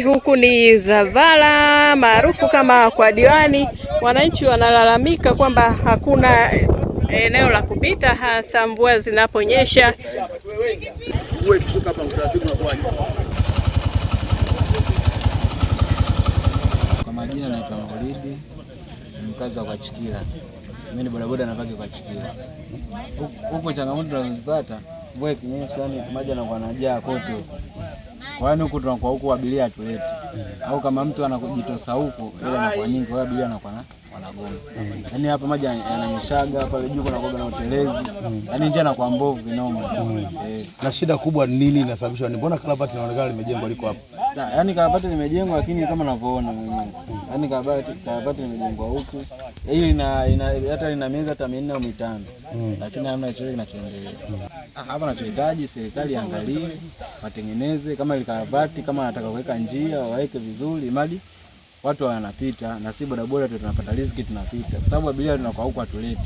Huku ni Zavala maarufu kama kwa diwani. Wananchi wanalalamika kwamba hakuna eneo la kupita, hasa mvua zinaponyesha. Kwa majina naitwa Maulidi, ni mkazi wa Kwachikila. Mimi ni bodaboda napaki Kwachikila. Huko changamoto tunazipata mvua ikinyesha, yani maji yanakuwa yanajaa kote kwa hiyo huku tunakuwa huku abiria tulete, au kama mtu anakujitosa huku, ile anakuwa nyingi, kwa hiyo abiria anakuwa na wanagoma yaani hapa maji yananishaga pale juu kuna koga na utelezi mm. Yani njia na kwa mbovu kinoma Na shida kubwa ni nini inasababishwa ni mbona karabati inaonekana limejengwa liko hapa? Yani karabati limejengwa, lakini kama unavyoona mwenyewe Yaani Yani karabati karabati limejengwa huku Hii ina hata ina miezi hata minne au mitano mm. Lakini hamna chochote kinachoendelea Ah, hapa mm. Nachohitaji serikali angalie, watengeneze kama ile karabati, kama anataka kuweka njia waweke vizuri maji watu wanapita na si bodaboda tu tunapata riziki tunapita, kwa sababu abiria tunakuwa huko atuleti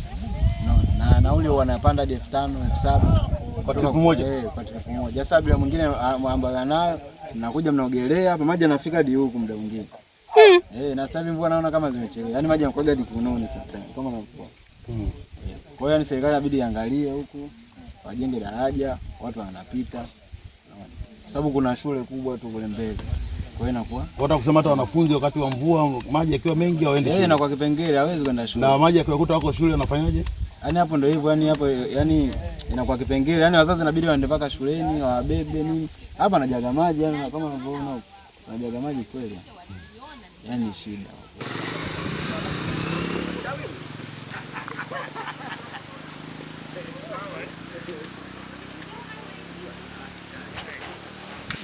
no, na nauli wanapanda hadi elfu tano elfu saba kwa tripu moja eh, kwa tripu moja. Sasa abiria mwingine ah, ambaye anayo mnakuja mnaogelea hapa, maji yanafika hadi huku muda mwingine mm. eh, na sasa mvua naona kama zimechelewa, yani maji yanakuja hadi kunoni sasa kama mvua mm. kwa hiyo ni yaani serikali inabidi iangalie huku, wajenge daraja, watu wanapita, kwa sababu kuna shule kubwa tu kule mbele. Kwa hiyo inakuwa hata kusema hata wanafunzi wakati wa mvua maji yakiwa mengi hawaende yaani shule. Na kwa kipengele hawezi kwenda shule. Na maji yakiwakuta wako shule anafanyaje Yaani hapo ndio hivyo, yani hapo yani inakuwa kipengele. Yaani wazazi inabidi waende mpaka shuleni wabebe nini. Hapa anajaga maji yani kama unavyoona huko. Anajaga maji kweli. Yaani shida.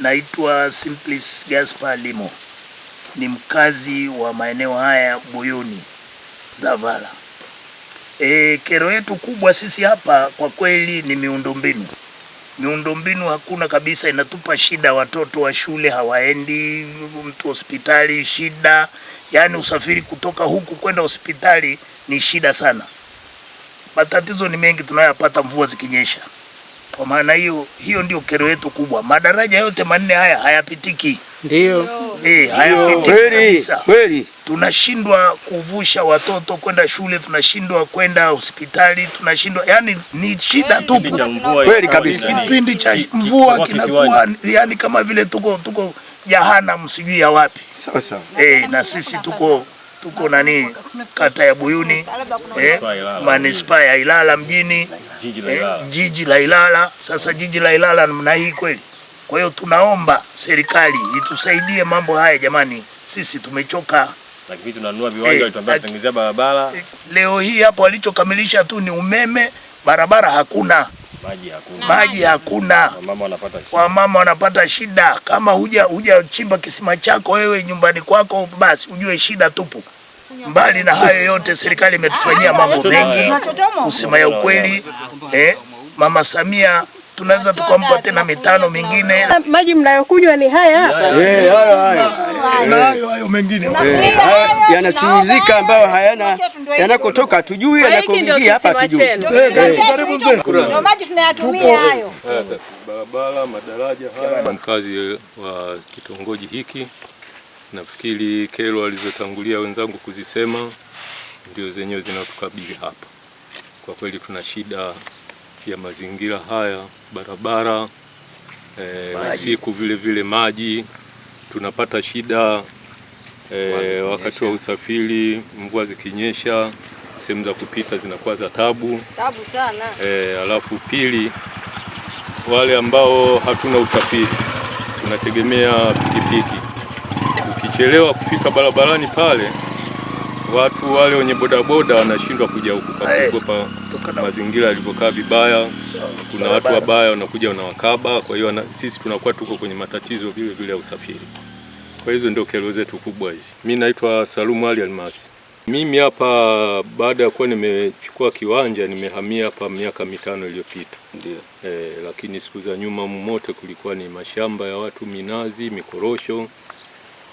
Naitwa Simplis Gaspar Limo, ni mkazi wa maeneo haya Buyuni Zavala. E, kero yetu kubwa sisi hapa kwa kweli ni miundombinu. Miundombinu hakuna kabisa, inatupa shida. Watoto wa shule hawaendi, mtu hospitali shida, yaani usafiri kutoka huku kwenda hospitali ni shida sana. Matatizo ni mengi tunayopata mvua zikinyesha. Kwa maana hiyo, hiyo ndio kero yetu kubwa. Madaraja yote manne haya hayapitiki, ndio eh, hayapitiki kweli. Tunashindwa kuvusha watoto kwenda shule, tunashindwa kwenda hospitali, tunashindwa yani, ni shida tupu kweli kabisa. Kipindi cha mvua kinakuwa yani kama vile tuko tuko jahanamu sijui ya wapi. Sawa sawa. Eh, na sisi tuko tuko nani, kata ya Buyuni, eh, manispaa ya Ilala mjini jiji la Ilala, eh, jiji la Ilala. Sasa jiji la Ilala namna hii kweli. Kwa hiyo tunaomba serikali itusaidie mambo haya jamani, sisi tumechoka. Lakini viwanja eh, barabara. Eh, leo hii hapo walichokamilisha tu ni umeme, barabara hakuna, maji hakuna, maji hakuna. Wamama wanapata shida, wamama wanapata shida. Kama huja huja chimba kisima chako wewe nyumbani kwako, basi ujue shida tupu. Mbali na hayo yote, serikali imetufanyia ah, mambo mengi, kusema ya ukweli eh, Mama Samia tunaweza tukampa tena mitano mingine. Maji mnayokunywa ni haya eh, eh, hayo hayo hayo mengine eh, yanachulizika, ambayo hayana yanakotoka tujui yanakoingia hapa tujui eh, karibu mzee, Ndio maji tunayatumia hayo, barabara, madaraja haya. Mkazi wa kitongoji hiki Nafikiri kero alizotangulia wenzangu kuzisema ndio zenyewe zinatukabili hapa. Kwa kweli tuna shida ya mazingira haya, barabara e, usiku vile vile maji tunapata shida e, wakati wa usafiri, mvua zikinyesha sehemu za kupita zinakuwa za tabu tabu sana e, alafu pili, wale ambao hatuna usafiri tunategemea pikipiki ukichelewa kufika barabarani pale, watu wale wenye bodaboda wanashindwa kuja huku kwa kuogopa mazingira yalivyokaa vibaya. Kuna watu wabaya wanakuja wanawakaba, kwa hiyo sisi tunakuwa tuko kwenye matatizo vile vile ya usafiri. Kwa hizo ndio kero zetu kubwa hizi. Mimi naitwa Salumu Ali Almasi. Mimi hapa baada ya kuwa nimechukua kiwanja nimehamia hapa miaka mitano iliyopita. Ndio. E, lakini siku za nyuma mmote kulikuwa ni mashamba ya watu, minazi, mikorosho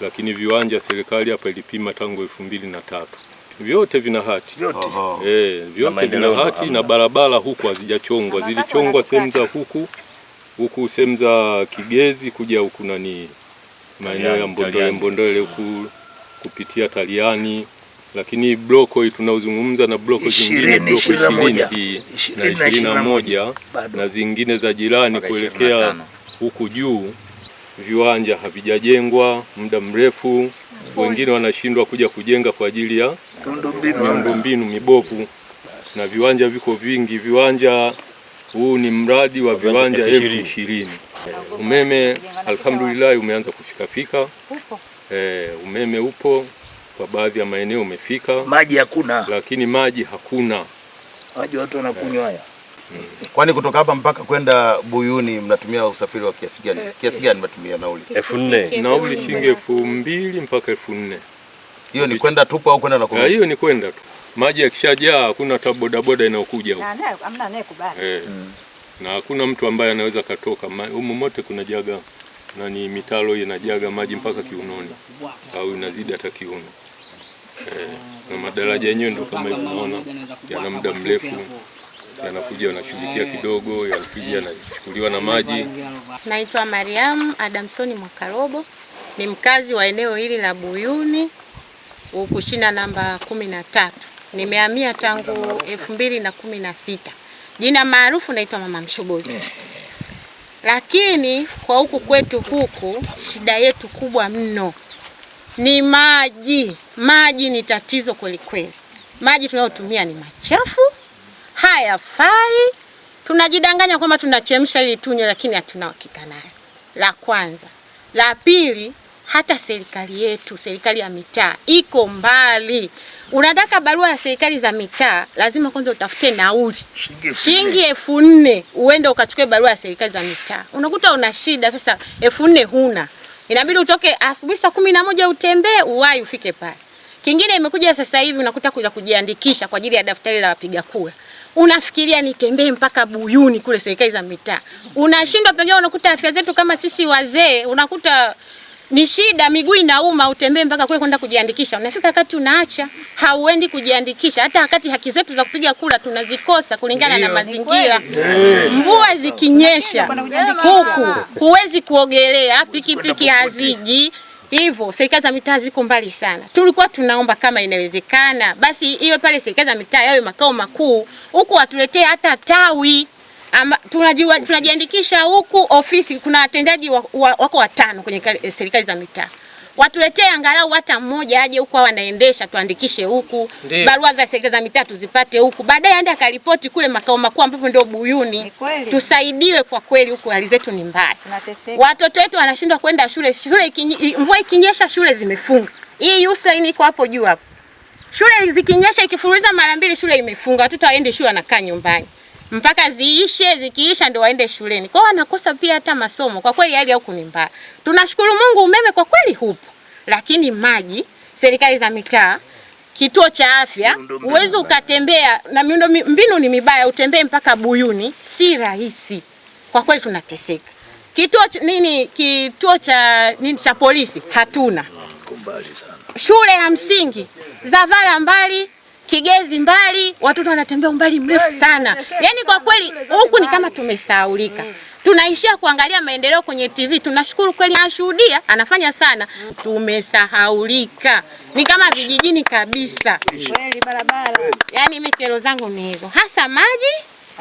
lakini viwanja serikali hapa ilipima tangu elfu mbili na tatu vyote vina hati vyote, e, vyote vina hati na barabara huku hazijachongwa, zilichongwa sehemu za huku huku sehemu za Kigezi kuja huku nani maeneo ya Mbondole Mbondole huku kupitia Taliani, lakini bloko hii tunaozungumza na bloko zingine bloko ishirini hii na ishirini na moja na zingine za jirani kuelekea huku juu viwanja havijajengwa muda mrefu, wengine wanashindwa kuja kujenga kwa ajili ya miundombinu mibovu, na viwanja viko vingi. Viwanja huu ni mradi wa viwanja elfu ishirini. Umeme alhamdulillah umeanza kufikafika, e, umeme upo kwa baadhi ya maeneo umefika. Maji hakuna, lakini maji hakuna, maji watu wanakunywa haya Kwani kutoka hapa mpaka kwenda Buyuni mnatumia usafiri wa kiasi gani? Eh, kiasi gani mnatumia nauli? elfu nne. Nauli shilingi elfu mbili mpaka elfu nne. Hiyo ni kwenda tupo au kwenda na ah, kurudi? Hiyo ni kwenda tu. Maji yakishajaa hakuna hata bodaboda inayokuja huko. Na Hamna anayekubali. Eh. Mm. Na hakuna mtu ambaye anaweza katoka. Humo mote kuna jaga na ni mitalo inajaga maji mpaka kiunoni au inazidi hata kiuno. Eh. Na madaraja yenyewe ndio kama unaona yana muda mrefu yanakuja yanashughulikia kidogo, yakija yanachukuliwa na maji. Naitwa Mariamu Adamsoni Mwakarobo, ni mkazi wa eneo hili la Buyuni ukushina namba kumi na tatu. Nimehamia tangu elfu mbili na kumi na sita. Jina maarufu naitwa Mama Mshobozi, lakini kwa huku kwetu huku shida yetu kubwa mno ni maji. Maji ni tatizo kweli kweli. Maji tunayotumia ni machafu hayafai. Tunajidanganya kwamba tunachemsha ili tunywe, lakini hatuna hakika nayo. La kwanza. La pili, hata serikali yetu, serikali ya mitaa iko mbali. Unataka barua ya serikali za mitaa, lazima kwanza utafute nauli shilingi elfu nne uende ukachukue barua ya serikali za mitaa. Unakuta una shida sasa, elfu nne huna, inabidi utoke asubuhi saa kumi na moja utembee uwai ufike pale. Kingine imekuja sasa hivi unakuta kuja kujiandikisha kwa ajili ya daftari la wapiga kura unafikiria nitembee mpaka Buyuni kule serikali za mitaa, unashindwa. Pengine unakuta afya zetu kama sisi wazee, unakuta ni shida, miguu inauma, utembee mpaka kule kwenda kujiandikisha. Unafika wakati unaacha, hauendi kujiandikisha, hata wakati haki zetu za kupiga kura tunazikosa kulingana na mazingira. Mvua zikinyesha huku huwezi kuogelea, pikipiki haziji hivyo serikali za mitaa ziko mbali sana. Tulikuwa tunaomba kama inawezekana, basi iwe pale serikali za mitaa yawe makao makuu, huku watuletee hata tawi ama, tunajiandikisha huku ofisi. Kuna watendaji wako watano kwenye serikali za mitaa watuletee angalau hata mmoja aje huku, wanaendesha tuandikishe huku, barua za serikali za mitaa tuzipate huku, baadaye aende akaripoti kule makao makuu ambapo ndio Buyuni. Tusaidiwe kwa kweli, huku hali zetu ni mbaya, watoto wetu wanashindwa kwenda shule. Shule mvua ikinyesha, shule zimefunga. Hii USAID iko hapo juu hapo, shule zikinyesha, ikifuruza mara mbili, shule imefunga, watoto waende shule, wanakaa nyumbani mpaka ziishe, zikiisha ndio waende shuleni. Kwao wanakosa pia hata masomo. Kwa kweli hali huku ni mbaya. Tunashukuru Mungu umeme kwa kweli hupo, lakini maji, serikali za mitaa kituo cha afya uwezo ukatembea na miundo mbinu ni mibaya, utembee mpaka Buyuni si rahisi. Kwa kweli tunateseka. Kituo cha nini, kituo cha nini cha polisi hatuna, shule ya msingi Zavala mbali Kigezi mbali, watoto wanatembea umbali mrefu sana. Yaani kwa kweli huku ni kama tumesahaulika. Mm. Tunaishia kuangalia maendeleo kwenye TV. Tunashukuru kweli nashuhudia anafanya sana. Tumesahaulika. Ni kama vijijini kabisa. Kweli barabara. Yaani mimi kero zangu ni hizo. Hasa maji,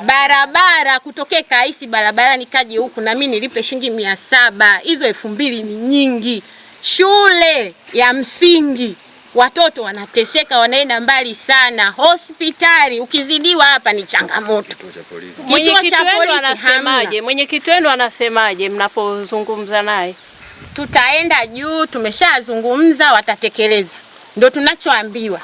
barabara kutokea Kaisi barabara nikaje huku na mimi nilipe shilingi mia saba. Hizo elfu mbili ni nyingi. Shule ya msingi watoto wanateseka, wanaenda mbali sana hospitali. Ukizidiwa hapa ni changamoto. Kituo cha polisi anasemaje? Mwenyekiti wenu anasemaje mnapozungumza naye? Tutaenda juu, tumeshazungumza, watatekeleza, ndio tunachoambiwa.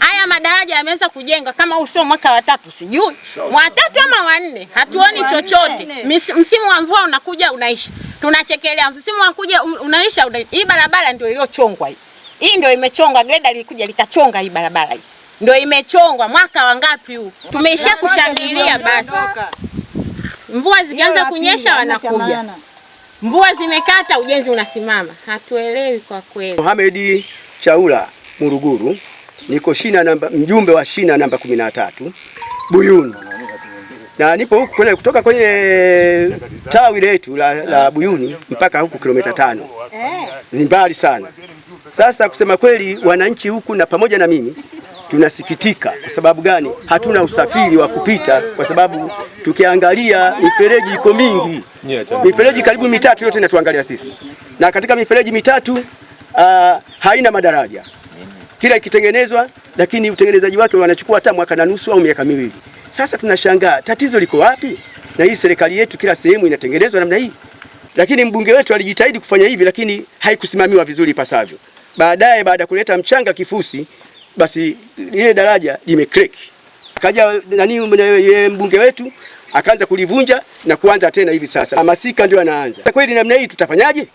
Haya madaraja yameanza kujenga kama usio mwaka wa tatu, sijui watatu ama wanne, hatuoni chochote. Msimu wa mvua unakuja unaisha, tunachekelea. Msimu wa kuja unaisha. Hii barabara ndio iliyochongwa hii hii ndio imechongwa, greda lilikuja likachonga hii barabara hii. Ndio imechongwa mwaka wangapi huu? Tumeisha kushangilia basi. Mvua zikianza kunyesha wanakuja. Mvua zimekata ujenzi unasimama. Hatuelewi kwa kweli. Mohamed Chaula Muruguru niko shina namba mjumbe wa shina namba 13 Buyuni. Na nipo huku kwenye kutoka kwenye tawi letu la, la Buyuni mpaka huku kilomita tano. Eh. Ni mbali sana. Sasa kusema kweli, wananchi huku na pamoja na mimi tunasikitika. Kwa sababu gani? Hatuna usafiri wa kupita, kwa sababu tukiangalia mifereji iko mingi, mifereji karibu mitatu yote inatuangalia sisi, na katika mifereji mitatu uh, haina madaraja kila ikitengenezwa, lakini utengenezaji wake wanachukua hata mwaka na nusu au miaka miwili. Sasa tunashangaa tatizo liko wapi? Na hii serikali yetu kila sehemu inatengenezwa namna hii, lakini mbunge wetu alijitahidi kufanya hivi, lakini haikusimamiwa vizuri ipasavyo baadaye baada ya kuleta mchanga kifusi, basi ile daraja limekrek. Akaja nani mbunge wetu akaanza kulivunja na kuanza tena hivi sasa. Hamasika ndio anaanza. Kweli namna hii tutafanyaje?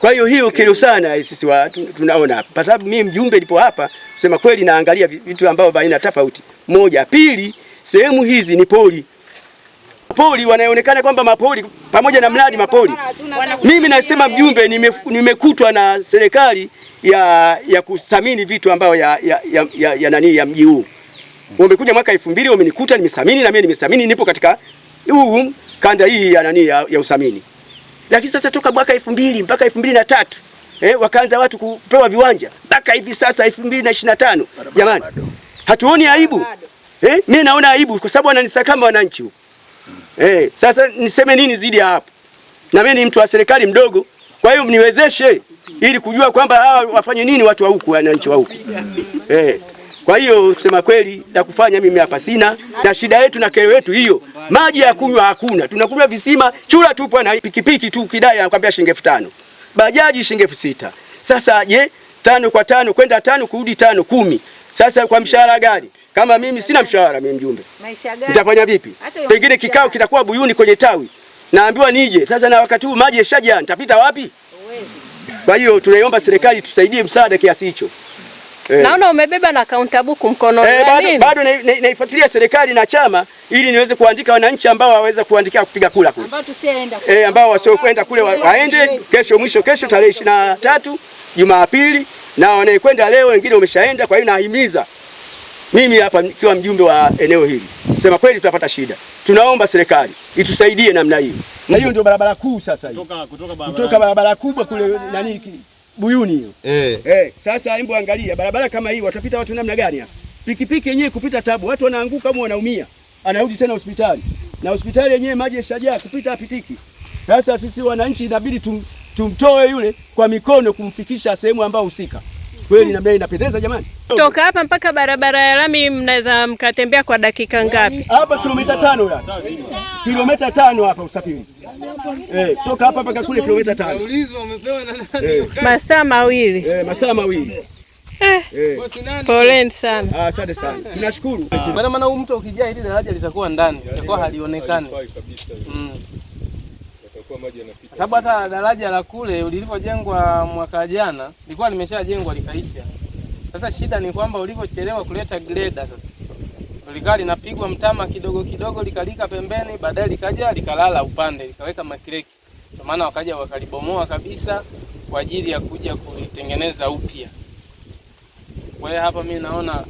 Kwa hiyo hiyo kero sana sisi watu tunaona hapa. Kwa sababu mimi mjumbe nipo hapa, kusema kweli naangalia vitu ambavyo vina tofauti. Moja, pili, sehemu hizi ni pori mapoli wanaonekana kwamba mapoli pamoja na mradi mapoli. Mimi nasema mjumbe, nimekutwa na serikali ya, ya kusamini vitu ambayo ya, ya, ya, ya, ya, nani ya mji huu wamekuja mwaka 2000 mbili wamenikuta nimesamini, na mimi nimesamini, nipo katika huu kanda hii ya nani ya, ya usamini. Lakini sasa toka mwaka 2000 mpaka 2003 na tatu eh, wakaanza watu kupewa viwanja mpaka hivi sasa 2025 na tano. Jamani, hatuoni aibu eh? Mimi naona aibu kwa sababu wananisakama wananchi huko. Eh, sasa niseme nini zidi ya hapo? Na mimi ni mtu wa serikali mdogo, kwa hiyo mniwezeshe ili kujua kwamba hawa wafanye nini watu wa huku, wananchi wa huku. Eh. Kwa hiyo kusema kweli la kufanya mimi hapa sina, na shida yetu na kero yetu hiyo, maji ya kunywa hakuna, tunakunywa visima chura tupo na pikipiki tu kidai anakuambia shilingi 5000. tano bajaji shilingi elfu sita Sasa je, tano kwa tano kwenda tano kurudi tano kumi. Sasa kwa mshahara gani? Kama mimi sina mshahara, mimi mjumbe, nitafanya vipi? Pengine kikao kitakuwa Buyuni kwenye tawi, naambiwa nije sasa, na wakati huu maji yashaja, nitapita wapi? Kwa hiyo tunaiomba serikali tusaidie msaada kiasi hicho. Eh, naona umebeba na kaunta book mkononi. Eh, bado, bado naifuatilia na, na serikali na chama ili niweze kuandika wananchi ambao waweza kuandikia kupiga kura kule Ambao eh, ambao wasiokwenda kule wa, waende kesho, mwisho kesho tarehe 23 Jumapili, na wanaekwenda leo wengine wameshaenda. Kwa hiyo nahimiza mimi hapa nikiwa mjumbe wa eneo hili, sema kweli tutapata shida. Tunaomba serikali itusaidie namna hiyo, na hiyo ndio barabara kuu sasa hii kutoka, kutoka barabara, kutoka barabara kubwa kule nani Buyuni hiyo eh. Eh, sasa hebu angalia barabara kama hii watapita watu namna gani hapa? Pikipiki yenyewe kupita tabu, watu wanaanguka au wanaumia, anarudi tena hospitali na hospitali yenyewe maji yashajaa, kupita apitiki. Sasa sisi wananchi inabidi tum, tumtoe yule kwa mikono kumfikisha sehemu ambayo husika kweli na inapendeza jamani. Toka hapa mpaka barabara ya lami mnaweza mkatembea kwa dakika ngapi? Hapa kilomita tano la kilomita tano hapa usafiri eh, kutoka hapa mpaka kule kilomita tano eh. masaa mawili eh, masaa mawili eh, eh. Poleni sana, ah, asante sana, tunashukuru. Maana maana huu mtu ukijaa hili daraja litakuwa ndani, litakuwa halionekani yalikuwa maji yanapita, sababu hata daraja la kule lilivyojengwa mwaka jana lilikuwa limeshajengwa likaisha. Sasa shida ni kwamba ulivyochelewa kuleta greda, sasa likawa linapigwa mtama kidogo kidogo, likalika pembeni, baadaye likaja likalala upande, likaweka makireki, kwa maana wakaja wakalibomoa kabisa kwa ajili ya kuja kulitengeneza upya. Kwa hiyo hapa mimi naona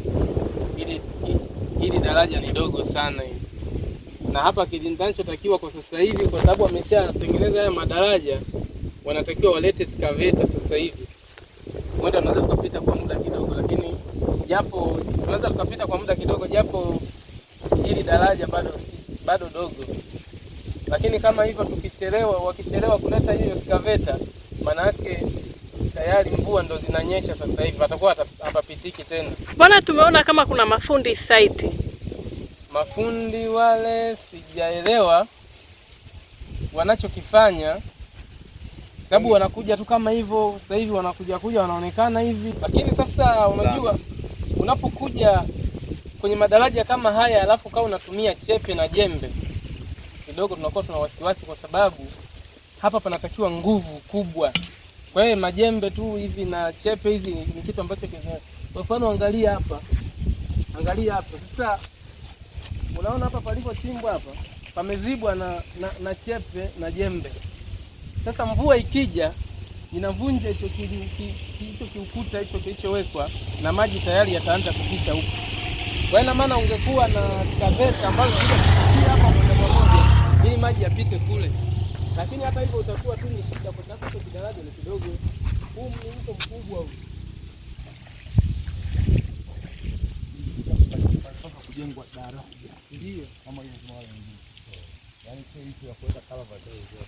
ili, ili, ili daraja ni dogo sana hili na hapa kijinzani chotakiwa kwa sasa hivi, kwa sababu wameshatengeneza haya madaraja, wanatakiwa walete skaveta sasa hivi. Mwenda tunaweza tukapita kwa muda kidogo, lakini japo tunaweza tukapita kwa muda kidogo, japo hili daraja bado bado dogo, lakini kama hivyo tukichelewa, wakichelewa kuleta hiyo skaveta, maana yake tayari mvua ndo zinanyesha sasa hivi, watakuwa hapapitiki tena. Mbona tumeona kama kuna mafundi saiti mafundi wale sijaelewa wanachokifanya sababu hmm. wanakuja tu kama hivyo. Sasa hivi wanakuja kuja wanaonekana hivi, lakini sasa unajua, unapokuja kwenye madaraja kama haya alafu kama unatumia chepe na jembe kidogo, tunakuwa tuna wasiwasi, kwa sababu hapa panatakiwa nguvu kubwa. Kwa hiyo majembe tu hivi na chepe hizi ni kitu ambacho, kwa mfano, angalia hapa, angalia hapa sasa unaona hapa palipochimbwa hapa pamezibwa na, na, na chepe na jembe. Sasa mvua ikija inavunja hicho kilicho kiukuta hicho kilichowekwa, na maji tayari yataanza kupita huko. Kwa hiyo maana ungekuwa na kaveta ambayo ia hapa moja kwa moja ili maji yapite kule, lakini hata hivyo utakuwa tu ni shida, kwa sababu hicho kidaraja ni kidogo. Huu ni mto mkubwa huu kujengwa daraja meio-dia. Amanhã, uma hora. Aí tem a coisa acaba vazando.